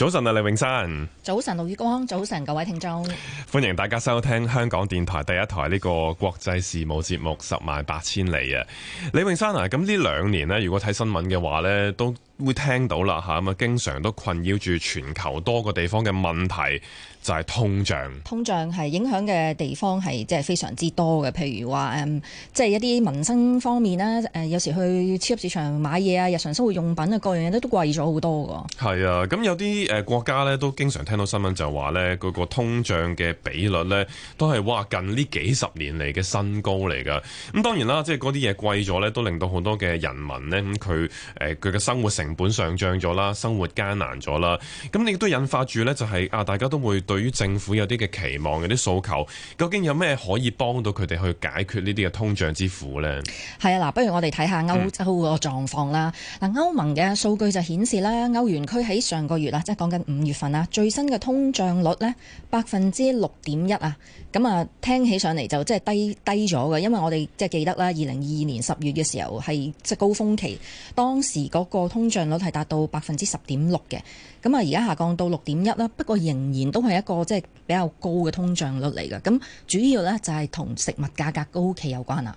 早晨啊，李永山。早晨，陸宇光。早晨，各位聽眾。歡迎大家收聽香港電台第一台呢個國際事務節目《十萬八千里》啊！李永山啊，咁呢兩年呢，如果睇新聞嘅話呢，都會聽到啦吓咁啊，經常都困擾住全球多個地方嘅問題。就係通脹，通脹係影響嘅地方係即係非常之多嘅。譬如話誒，即、嗯、係、就係、一啲民生方面啦，誒有時去超級市場買嘢啊，日常生活用品啊，各樣嘢都都貴咗好多㗎。係啊，咁有啲誒國家咧都經常聽到新聞就話咧，嗰、嗰個通脹嘅比率咧都係哇近呢幾十年嚟嘅新高嚟㗎。咁、嗯、當然啦，即係嗰啲嘢貴咗咧，都令到好多嘅人民咧，咁佢誒佢嘅生活成本上漲咗啦，生活艱難咗啦。咁你亦都引發住咧、就係，就係啊，大家都會，對於政府有啲嘅期望，有啲訴求，究竟有咩可以幫到佢哋去解決呢啲嘅通脹之苦呢？係啊，嗱，不如我哋睇下歐洲個狀況啦。嗱、嗯，歐盟嘅數據就顯示啦，歐元區喺上個月啊，即係講緊五月份啊，最新嘅通脹率呢，百分之六點一啊。咁啊，聽起上嚟就即係低低咗嘅，因為我哋即係記得啦，二零二二年十月嘅時候係即係高峰期，當時嗰個通脹率係達到百分之十點六嘅。咁啊，而家下降到六點一啦，不過仍然都係一個即係比較高嘅通脹率嚟㗎，咁主要咧就係同食物價格高企有關啦。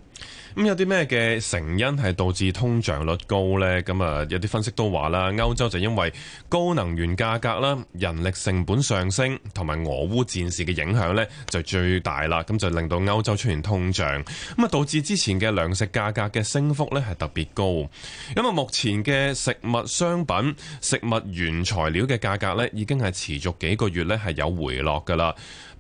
咁、嗯、有啲咩嘅成因係導致通脹率高呢？咁、嗯、啊，有啲分析都話啦，歐洲就因為高能源價格啦、人力成本上升同埋俄烏戰事嘅影響呢，就最大啦。咁就令到歐洲出現通脹，咁、嗯、啊導致之前嘅糧食價格嘅升幅呢係特別高，因為目前嘅食物商品、食物原材料嘅價格呢，已經係持續幾個月呢係有回落噶啦。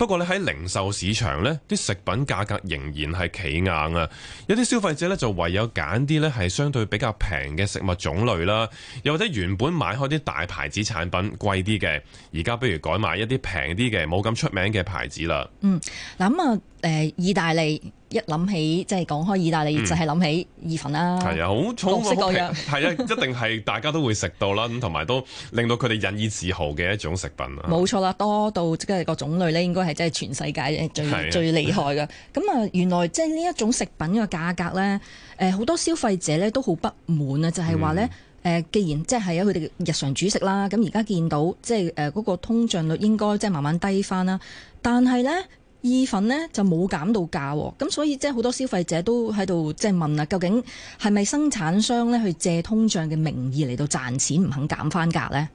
不過咧，喺零售市場呢啲食品價格仍然係企硬啊！有啲消費者呢，就唯有揀啲呢係相對比較平嘅食物種類啦，又或者原本買開啲大牌子產品貴啲嘅，而家不如改買一啲平啲嘅冇咁出名嘅牌子啦。嗯，咁啊。誒，意大利一諗起，即係講開意大利，大利嗯、就係諗起意粉啦。係啊，好豐富多樣，係啊皮， 一定係大家都會食到啦。咁同埋都令到佢哋引以自豪嘅一種食品啦。冇錯啦，多到即係個種類咧，應該係即係全世界最的最厲害嘅。咁啊， 原來即係呢一種食品嘅價格咧，誒好多消費者咧都好不滿啊，就係話咧，嗯、既然即係佢哋日常主食啦，咁而家見到即係嗰個通脹率應該即係慢慢低翻啦，但係咧。意粉呢就冇減到價，咁所以即係好多消費者都喺度即係問啊，「究竟係咪生產商呢去借通脹嘅名義嚟到賺錢，唔肯減翻價呢？」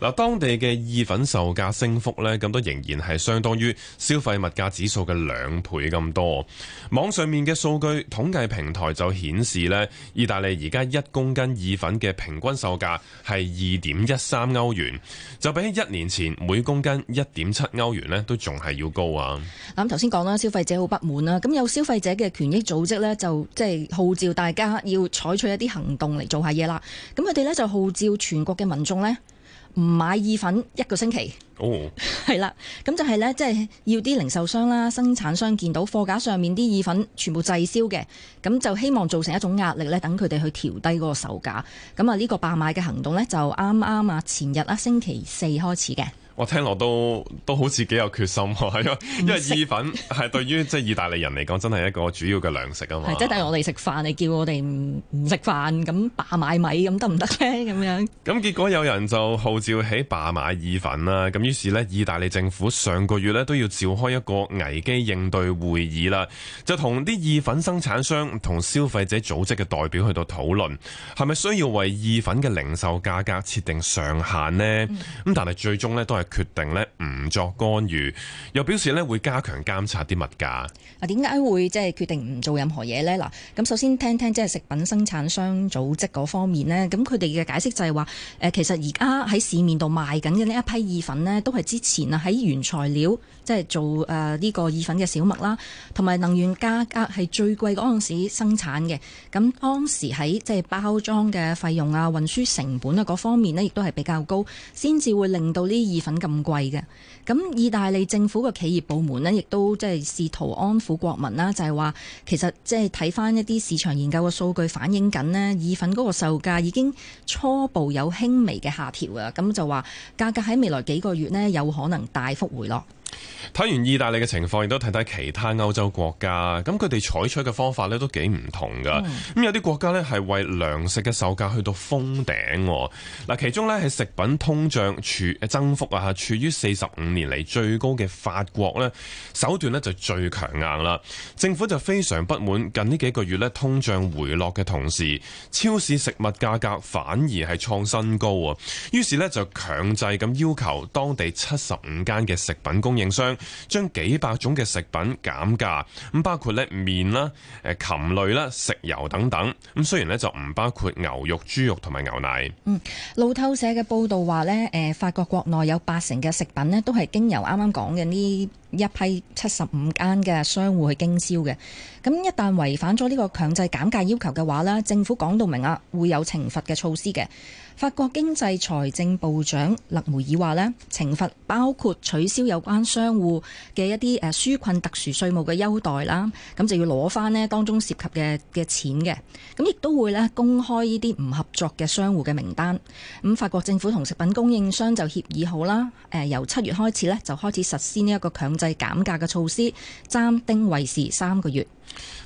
嗱，當地嘅意粉售價升幅咧，咁都仍然係相當於消費物價指數嘅兩倍咁多。網上面嘅數據統計平台就顯示呢，意大利而家一公斤意粉嘅平均售價係二點一三歐元，就比起一年前每公斤一點七歐元呢，都仲係要高啊。嗱，咁頭先講啦，消費者好不滿啦，咁有消費者嘅權益組織呢，就即係號召大家要採取一啲行動嚟做下嘢啦。咁佢哋咧就號召全國嘅民眾呢。唔買意粉一個星期，係啦，oh. 咁就係呢，即係要啲零售商啦、生產商見到貨架上面啲意粉全部滯銷嘅，咁就希望造成一種壓力呢，等佢哋去調低嗰個售價。咁啊，呢個罷買嘅行動呢，就啱啱啊前日啊，星期四開始嘅。我聽落都都好似幾有決心喎，係啊，因為意粉係對於即係意大利人嚟講真係一個主要嘅糧食啊嘛。係 即係我哋食飯，你叫我哋唔唔食飯，咁罷買米咁得唔得呢？咁樣咁結果有人就號召起罷買意粉啦，咁於是呢，意大利政府上個月呢都要召開一個危機應對會議啦，就同啲意粉生產商同消費者組織嘅代表去到討論，係咪需要為意粉嘅零售價格設定上限呢？咁但係最終呢，都係。決定咧唔作干預，又表示咧會加強監察啲物價。嗱，點解會即係決定唔做任何嘢呢？嗱，咁首先聽聽即係食品生產商組織嗰方面咧，咁佢哋嘅解釋就係話，誒其實而家喺市面度賣緊嘅呢一批意粉咧，都係之前啊喺原材料即係做誒呢個意粉嘅小麥啦，同埋能源價格係最貴嗰陣時生產嘅。咁當時喺即係包裝嘅費用啊、運輸成本啊嗰方面咧，亦都係比較高，先至會令到呢啲意粉，咁貴嘅，咁意大利政府嘅企業部門呢，亦都即係試圖安撫國民啦，就係話其實即係睇翻一啲市場研究嘅數據，反映緊呢，意粉嗰個售價已經初步有輕微嘅下調啊，咁就話價格喺未來幾個月呢，有可能大幅回落。睇完意大利嘅情況，亦都睇睇其他歐洲國家，咁佢哋採取嘅方法呢，都幾唔同噶。咁有啲國家呢，係為糧食嘅售價去到封頂。嗱，其中呢，係食品通脹處增幅啊，處於四十五年嚟最高嘅法國呢，手段呢，就最強硬啦。政府就非常不滿，近呢幾個月呢，通脹回落嘅同時，超市食物價格反而係創新高啊。於是呢，就強制咁要求當地七十五間嘅食品供應。供應商將幾百種嘅食品減價，咁包括咧麵啦、誒禽類啦、食油等等。咁雖然咧就唔包括牛肉、豬肉同埋牛奶。嗯，路透社嘅報道話咧，誒法國國內有八成嘅食品咧都係經由啱啱講嘅呢一批七十五間嘅商戶去經銷嘅。咁一旦違反咗呢個強制減價要求嘅話咧，政府講到明㗎，會有懲罰嘅措施嘅。法國經濟財政部長勒梅爾話呢，懲罰包括取消有關商戶嘅一啲誒紓困特殊稅務嘅優待啦，咁就要攞翻呢當中涉及嘅嘅錢嘅，咁亦都會呢公開呢啲唔合作嘅商戶嘅名單。咁法國政府同食品供應商就協議好啦，誒由七月開始呢，就開始實施呢一個強制減價嘅措施，暫定為時三個月。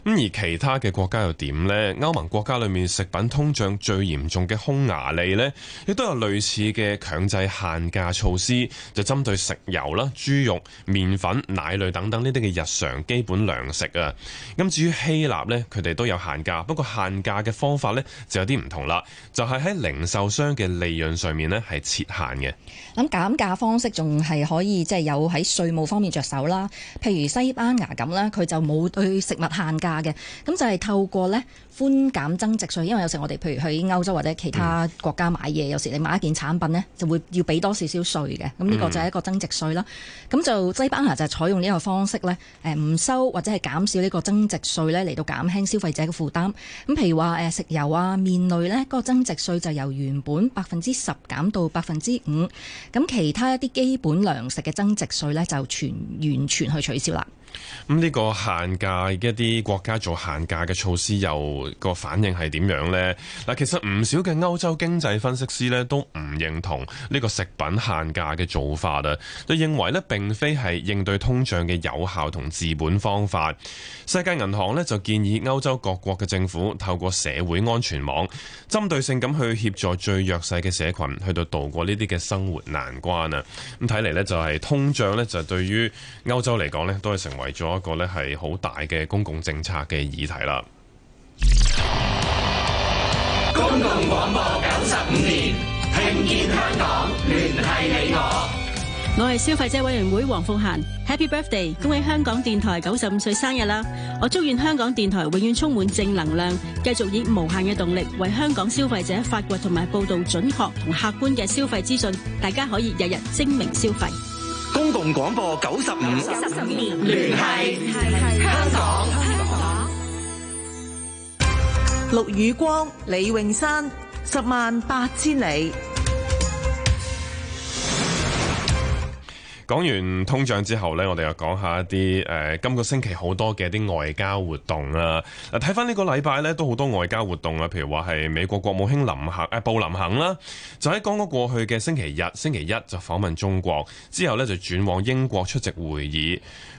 咁而其他嘅國家又點呢？歐盟國家裏面食品通脹最嚴重嘅匈牙利呢，亦都有類似嘅強制限價措施，就針對食油啦、豬肉、麵粉、奶類等等呢啲嘅日常基本糧食啊。咁至於希臘呢，佢哋都有限價，不過限價嘅方法呢就有啲唔同啦，就係喺零售商嘅利潤上面呢係設限嘅。咁減價方式仲係可以即係有喺稅務方面着手啦，譬如西班牙咁呢，佢就冇對食物限價嘅，咁就係透過呢。寬減增值稅，因為有時我哋譬如去歐洲或者其他國家買嘢，嗯、有時你買一件產品呢，就會要俾多少少稅嘅。咁呢個就係一個增值稅啦。咁、嗯、就西班牙就係採用呢個方式呢，誒唔收或者係減少呢個增值稅呢，嚟到減輕消費者嘅負擔。咁譬如話誒食油啊、麵類呢，個、嗰個增值稅就由原本百分之十減到百分之五。咁其他一啲基本糧食嘅增值稅呢，就全完全去取消啦。咁呢個限價，一啲國家做限價嘅措施，又個反應係點樣呢？嗱，其實唔少嘅歐洲經濟分析師呢都唔認同呢個食品限價嘅做法啦，就認為呢並非係應對通脹嘅有效同治本方法。世界銀行呢，就建議歐洲各國嘅政府透過社會安全網，針對性咁去協助最弱勢嘅社群，去到度過呢啲嘅生活難關啊！咁睇嚟呢，就係通脹呢就對於歐洲嚟講呢都係成為。為咗一個咧係好大嘅公共政策嘅議題啦。公共廣播九十五年，聽見香港，聯繫你我。我係消費者委員會黃鳳嫻，Happy Birthday！恭喜香港電台九十五歲生日啦！我祝願香港電台永遠充滿正能量，繼續以無限嘅動力為香港消費者發掘同埋報道準確同客觀嘅消費資訊，大家可以日日精明消費。公共廣播九十五年聯繫香港香港，陸宇光、李永山，十萬八千里。講完通脹之後呢我哋又講下一啲誒、呃，今個星期好多嘅啲外交活動啦、啊。嗱、啊，睇翻呢個禮拜呢都好多外交活動啊。譬如話係美國國務卿林肯誒、啊、布林肯啦，就喺剛剛過去嘅星期日、星期一就訪問中國，之後呢就轉往英國出席會議。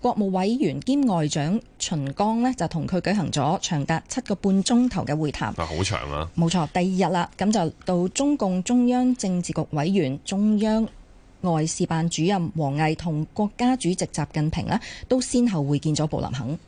國務委員兼外長秦剛呢，就同佢舉行咗長達七個半鐘頭嘅會談。啊，好長啊！冇錯，第二日啦，咁就到中共中央政治局委員、中央外事辦主任王毅同國家主席習近平啦，都先後會見咗布林肯。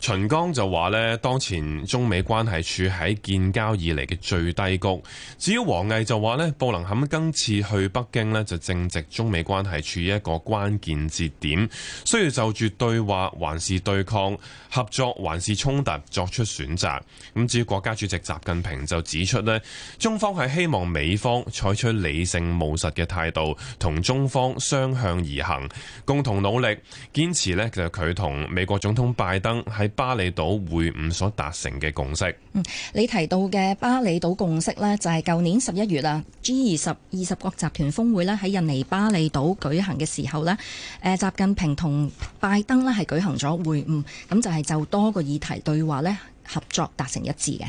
秦剛就話呢，當前中美關係處喺建交以嚟嘅最低谷。至於王毅就話呢，布林肯今次去北京呢，就正值中美關係處於一個關鍵節點，需要就住對話還是對抗、合作還是衝突作出選擇。咁至於國家主席習近平就指出呢，中方係希望美方採取理性務實嘅態度，同中方相向而行，共同努力，堅持呢，就佢同美國總統拜登喺。巴厘島會晤所達成嘅共識，嗯，你提到嘅巴厘島共識呢，就係、是、舊年十一月啦，G 二十二十國集團峰會呢喺印尼巴厘島舉行嘅時候呢，誒、呃，習近平同拜登呢係舉行咗會晤，咁就係就多個議題對話呢合作達成一致嘅。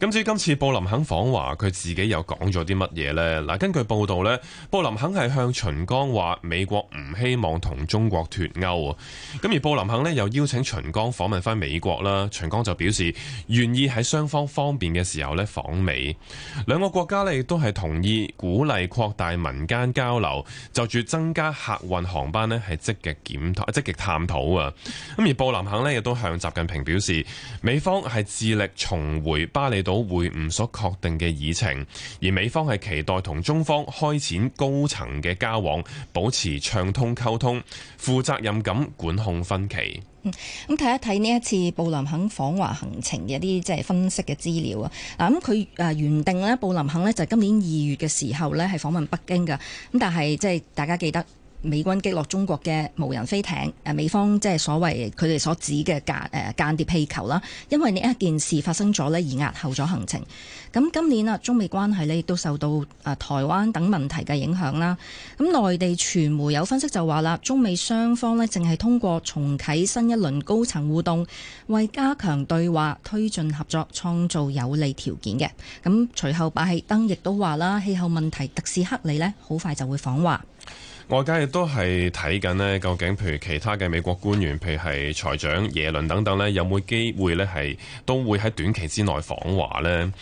咁至於今次布林肯訪華，佢自己又講咗啲乜嘢呢？嗱，根據報道呢布林肯係向秦剛話美國唔希望同中國脫鉤啊。咁而布林肯呢又邀請秦剛訪問返美國啦。秦剛就表示願意喺雙方方便嘅時候呢訪美。兩個國家呢亦都係同意鼓勵擴大民間交流，就住增加客運航班呢係積極檢討啊積極探討啊。咁而布林肯呢亦都向習近平表示，美方係致力重回峇里到會晤所確定嘅議程，而美方係期待同中方開展高層嘅交往，保持暢通溝通，負責任地管控分歧。咁睇、嗯、一睇呢一次布林肯訪華行程嘅一啲即係分析嘅資料啊。嗱、嗯，咁佢誒原定咧，布林肯咧就今年二月嘅時候咧係訪問北京嘅，咁但係即係大家記得。美軍擊落中國嘅無人飛艇，誒美方即係所謂佢哋所指嘅間誒間諜氣球啦。因為呢一件事發生咗咧，而押後咗行程。咁今年啊，中美關係咧亦都受到誒台灣等問題嘅影響啦。咁內地傳媒有分析就話啦，中美雙方咧正係通過重啟新一輪高層互動，為加強對話、推進合作創造有利條件嘅。咁隨後，拜登亦都話啦，氣候問題，特使克里咧好快就會訪華。外界亦都係睇緊呢，究竟譬如其他嘅美國官員，譬如係財長耶倫等等呢，有冇機會呢係都會喺短期之內訪華呢？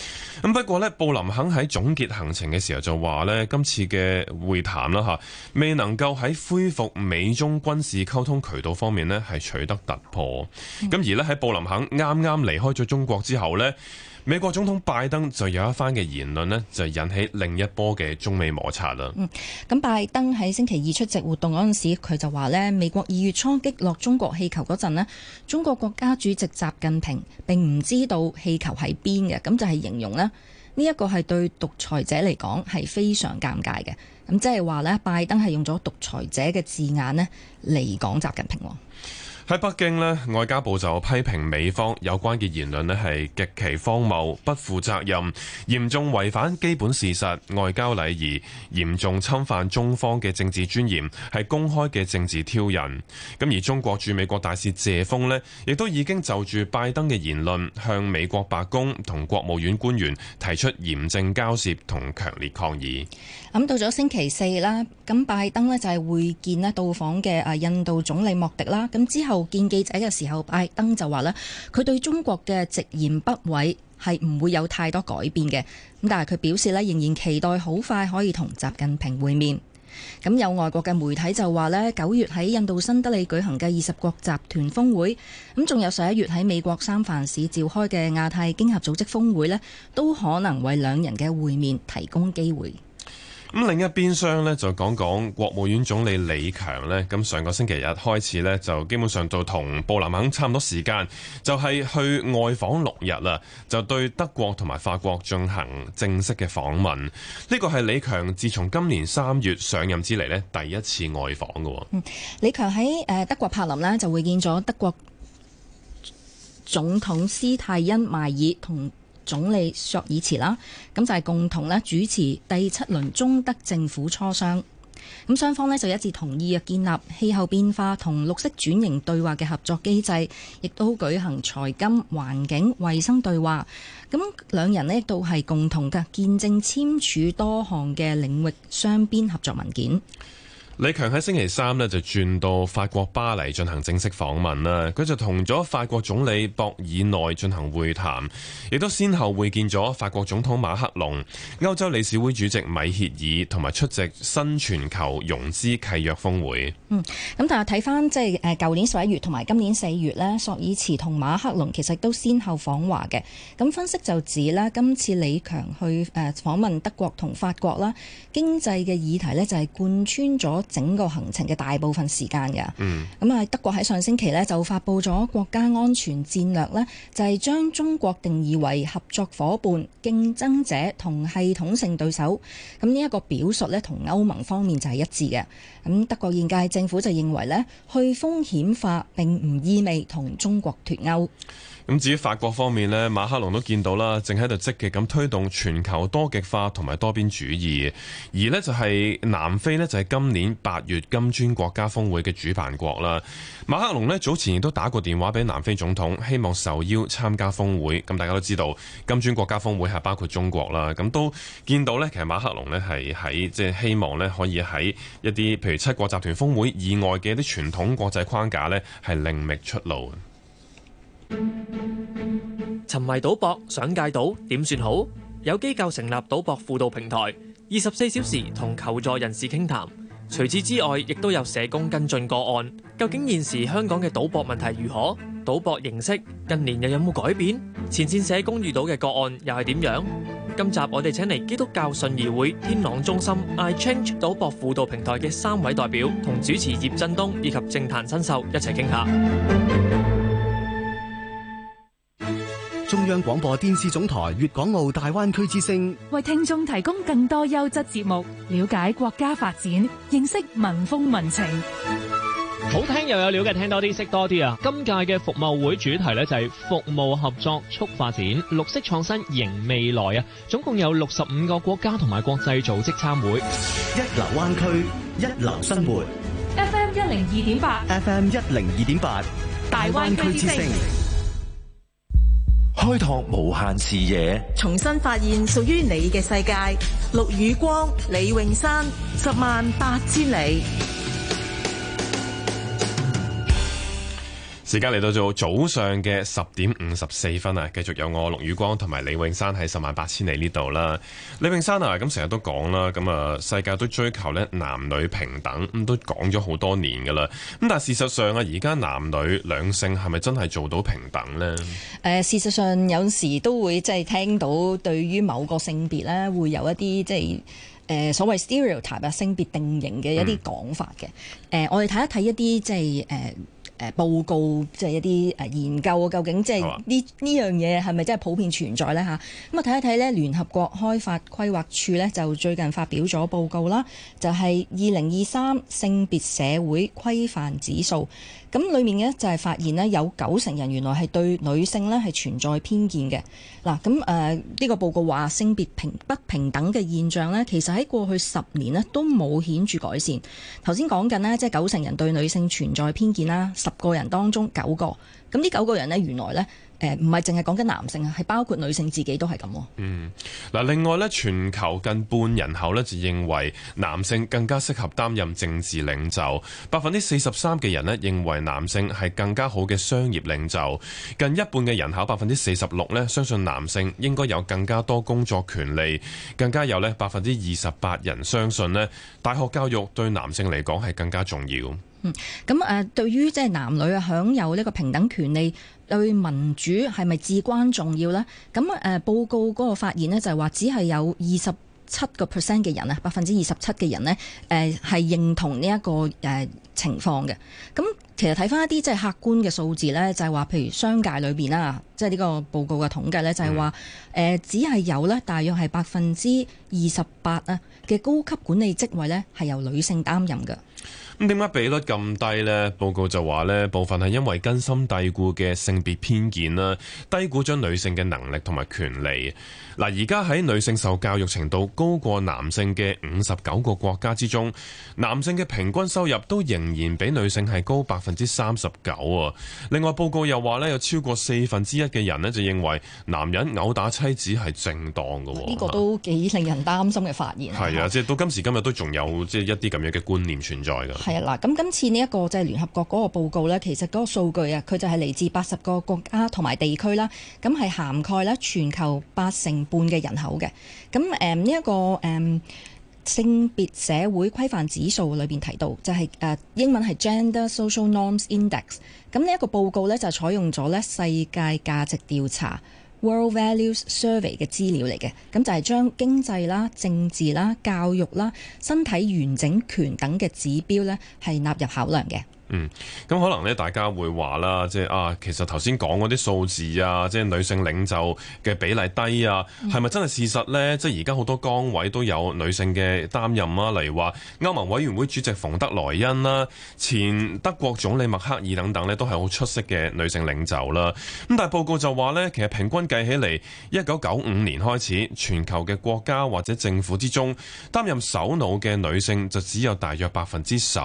咁不過呢，布林肯喺總結行程嘅時候就話呢，今次嘅會談啦嚇未能夠喺恢復美中軍事溝通渠道方面呢係取得突破。咁而呢喺布林肯啱啱離開咗中國之後呢美國總統拜登就有一番嘅言論呢就引起另一波嘅中美摩擦啦。嗯，咁拜登喺星期二出席活動嗰陣時，佢就話呢，美國二月初擊落中國氣球嗰陣呢，中國國家主席習近平並唔知道氣球喺邊嘅，咁就係形容咧，呢一個係對獨裁者嚟講係非常尷尬嘅。咁即係話呢，拜登係用咗獨裁者嘅字眼，呢嚟講習近平喎。喺北京呢，外交部就批評美方有關嘅言論呢係極其荒謬、不負責任、嚴重違反基本事實、外交禮儀，嚴重侵犯中方嘅政治尊嚴，係公開嘅政治挑釁。咁而中國駐美國大使謝鋒呢亦都已經就住拜登嘅言論，向美國白宮同國務院官員提出嚴正交涉同強烈抗議。咁到咗星期四啦，咁拜登呢就係會見呢到訪嘅誒印度總理莫迪啦，咁之後。見記者嘅時候，拜登就話咧，佢對中國嘅直言不諱係唔會有太多改變嘅。咁但係佢表示咧，仍然期待好快可以同習近平會面。咁有外國嘅媒體就話咧，九月喺印度新德里舉行嘅二十國集團峰會，咁仲有十一月喺美國三藩市召開嘅亞太經合組織峰會咧，都可能為兩人嘅會面提供機會。咁另一邊廂呢，就講講國務院總理李強呢，咁上個星期日開始呢，就基本上就同布林肯差唔多時間，就係、是、去外訪六日啦，就對德國同埋法國進行正式嘅訪問。呢、這個係李強自從今年三月上任之嚟呢第一次外訪嘅、哦。李強喺德國柏林呢，就會見咗德國總統施泰因邁爾同總理朔爾茨啦，咁就係共同呢主持第七輪中德政府磋商。咁雙方呢，就一致同意建立氣候變化同綠色轉型對話嘅合作機制，亦都舉行財金、環境、衛生對話。咁兩人呢，亦都係共同嘅見證簽署多項嘅領域雙邊合作文件。李強喺星期三呢就轉到法國巴黎進行正式訪問啦，佢就同咗法國總理博爾內進行會談，亦都先後會見咗法國總統馬克龍、歐洲理事會主席米歇爾，同埋出席新全球融資契約峰會。嗯，咁但係睇翻即係誒，舊年十一月同埋今年四月呢，索爾茨同馬克龍其實都先後訪華嘅。咁分析就指咧，今次李強去誒訪問德國同法國啦，經濟嘅議題呢就係貫穿咗。整個行程嘅大部分時間嘅，咁啊、嗯、德國喺上星期呢就發布咗國家安全戰略，呢就係將中國定義為合作伙伴、競爭者同系統性對手。咁呢一個表述呢同歐盟方面就係一致嘅。咁德國現屆政府就認為呢去風險化並唔意味同中國脫鉤。咁至於法國方面呢，馬克龍都見到啦，正喺度積極咁推動全球多極化同埋多邊主義。而呢就係南非呢就係今年八月金磚國家峰會嘅主辦國啦。馬克龍呢早前亦都打過電話俾南非總統，希望受邀參加峰會。咁大家都知道金磚國家峰會係包括中國啦，咁都見到呢，其實馬克龍呢係喺即係希望呢可以喺一啲譬如七國集團峰會以外嘅一啲傳統國際框架呢係另覓出路。沉迷賭博想戒賭點算好？有機構成立賭博輔導平台，二十四小時同求助人士傾談。除此之外，亦都有社工跟進個案。究竟現時香港嘅賭博問題如何？賭博形式近年又有冇改變？前線社工遇到嘅個案又係點樣？今集我哋請嚟基督教信義會天朗中心 iChange 賭博輔導平台嘅三位代表，同主持葉振東以及政壇新秀一齊傾下。中央廣播電視總台粵港澳大灣區之聲，為聽眾提供更多優質節目，了解國家發展，認識民風民情。好聽又有料嘅，聽多啲，識多啲啊！今屆嘅服貿會主題咧就係服務合作促發展，綠色創新迎未來啊！總共有六十五個國家同埋國際組織參會。一流灣區，一流生活。FM 一零二點八，FM 一零二點八，大灣區之聲。開拓無限視野，重新發現屬於你嘅世界。陸雨光、李詠山，十萬八千里。而家嚟到做早上嘅十點五十四分啊！繼續有我陸宇光同埋李永山喺十萬八千里呢度啦。李永山啊，咁成日都講啦，咁啊世界都追求咧男女平等，咁都講咗好多年噶啦。咁但係事實上啊，而家男女兩性係咪真係做到平等呢？誒、呃，事實上有時都會即係聽到對於某個性別咧，會有一啲即係誒、呃、所謂 stereotype 啊性別定型嘅一啲講法嘅。誒、嗯呃，我哋睇一睇一啲即係誒。呃誒、呃、報告即係、就是、一啲、呃、研究，究竟即係呢呢樣嘢係咪真係普遍存在呢？咁啊睇一睇呢聯合國開發規劃署呢，就最近發表咗報告啦，就係二零二三性別社會規範指數。咁裏面呢，就係發現呢，有九成人原來係對女性呢係存在偏見嘅。嗱，咁誒呢個報告話，性別平不平等嘅現象呢，其實喺過去十年呢都冇顯著改善。頭先講緊呢，即係九成人對女性存在偏見啦，十個人當中九個，咁呢九個人呢，原來呢。誒，唔係淨係講緊男性啊，係包括女性自己都係咁。嗯，嗱，另外咧，全球近半人口咧就認為男性更加適合擔任政治領袖，百分之四十三嘅人咧認為男性係更加好嘅商業領袖，近一半嘅人口，百分之四十六咧相信男性應該有更加多工作權利，更加有咧百分之二十八人相信呢大學教育對男性嚟講係更加重要。嗯，咁、嗯、誒、嗯，對於即係男女啊享有呢個平等權利。對民主係咪至關重要咧？咁誒、呃、報告嗰個發現咧，就係話只係有二十七個 percent 嘅人啊，百分之二十七嘅人咧，誒、呃、係認同呢、這、一個誒、呃、情況嘅。咁其實睇翻一啲即係客觀嘅數字呢，就係話，譬如商界裏邊啦，即係呢個報告嘅統計呢，就係話，誒、呃，只係有呢大約係百分之二十八啊嘅高級管理職位呢係由女性擔任嘅。咁點解比率咁低呢？報告就話呢部分係因為根深蒂固嘅性別偏見啦，低估咗女性嘅能力同埋權利。嗱，而家喺女性受教育程度高過男性嘅五十九個國家之中，男性嘅平均收入都仍然比女性係高百分之三十九啊！另外報告又話咧，有超過四分之一嘅人咧就認為男人毆打妻子係正當㗎。呢個都幾令人擔心嘅發言是的。係啊，即係到今時今日都仲有即係一啲咁樣嘅觀念存在噶。係啊、這個，嗱，咁今次呢一個就係聯合國嗰個報告呢，其實嗰個數據啊，佢就係嚟自八十個國家同埋地區啦，咁係涵蓋咧全球八成半嘅人口嘅。咁誒、呢、嗯、一、這個誒。嗯性別社會規範指數裏邊提到，就係誒英文係 Gender Social Norms Index。咁呢一個報告咧就係採用咗咧世界價值調查 （World Values Survey） 嘅資料嚟嘅。咁就係將經濟啦、政治啦、教育啦、身體完整權等嘅指標咧係納入考量嘅。嗯，咁可能咧，大家會話啦，即係啊，其實頭先講嗰啲數字啊，即係女性領袖嘅比例低啊，係咪真係事實咧？即係而家好多崗位都有女性嘅擔任啊，例如話歐盟委員會主席馮德萊恩啦，前德國總理默克爾等等咧，都係好出色嘅女性領袖啦。咁但係報告就話咧，其實平均計起嚟，一九九五年開始，全球嘅國家或者政府之中，擔任首腦嘅女性就只有大約百分之十，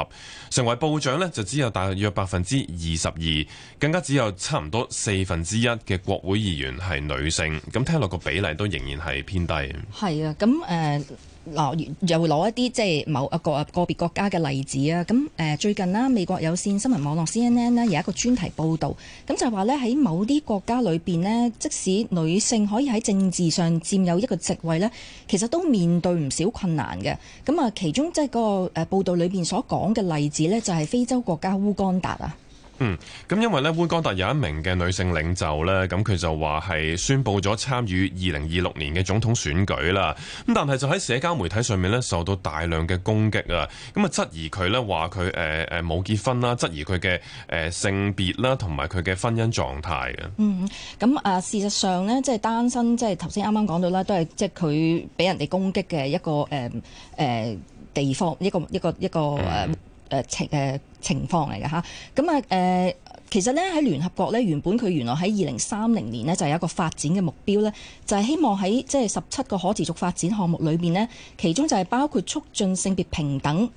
成為部長咧就。只有大約百分之二十二，更加只有差唔多四分之一嘅國會議員係女性，咁聽落個比例都仍然係偏低。係啊，咁誒。呃攞又攞一啲即係某一個個別國家嘅例子啊！咁、呃、最近啦、啊，美國有線新聞網絡 CNN 呢、啊，有一個專題報導，咁就話咧喺某啲國家裏面呢，即使女性可以喺政治上佔有一個席位咧，其實都面對唔少困難嘅。咁啊，其中即係、那個誒、呃、報導裏面所講嘅例子咧，就係、是、非洲國家烏干達啊。嗯，咁因為咧烏干達有一名嘅女性領袖咧，咁佢就話係宣布咗參與二零二六年嘅總統選舉啦。咁但係就喺社交媒體上面咧，受到大量嘅攻擊、呃呃嗯、啊，咁啊質疑佢咧話佢誒誒冇結婚啦，質疑佢嘅誒性別啦，同埋佢嘅婚姻狀態嘅。嗯，咁啊事實上咧，即係單身，即係頭先啱啱講到啦，都係即係佢俾人哋攻擊嘅一個誒誒、呃呃、地方，一個一個一個誒。誒情誒情況嚟嘅嚇，咁啊誒、呃，其實咧喺聯合國咧，原本佢原來喺二零三零年呢，就有一個發展嘅目標咧，就係、是、希望喺即係十七個可持續發展項目裏邊呢，其中就係包括促進性別平等。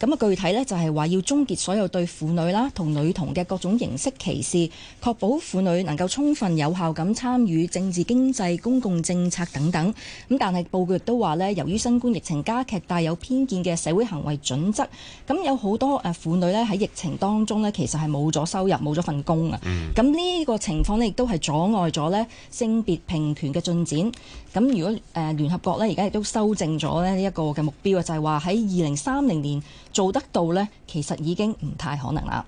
咁啊，具體咧就係、是、話要終結所有對婦女啦同女童嘅各種形式歧視，確保婦女能夠充分有效咁參與政治、經濟、公共政策等等。咁但係報告亦都話咧，由於新冠疫情加劇帶有偏見嘅社會行為準則，咁有好多誒、呃、婦女咧喺疫情當中咧，其實，係冇咗收入、冇咗份工啊。咁呢、嗯、個情況咧亦都係阻礙咗咧性別平權嘅進展。咁如果誒、呃、聯合國咧而家亦都修正咗咧呢一、這個嘅目標啊，就係話喺二零三零年，做得到呢，其實已經唔太可能啦。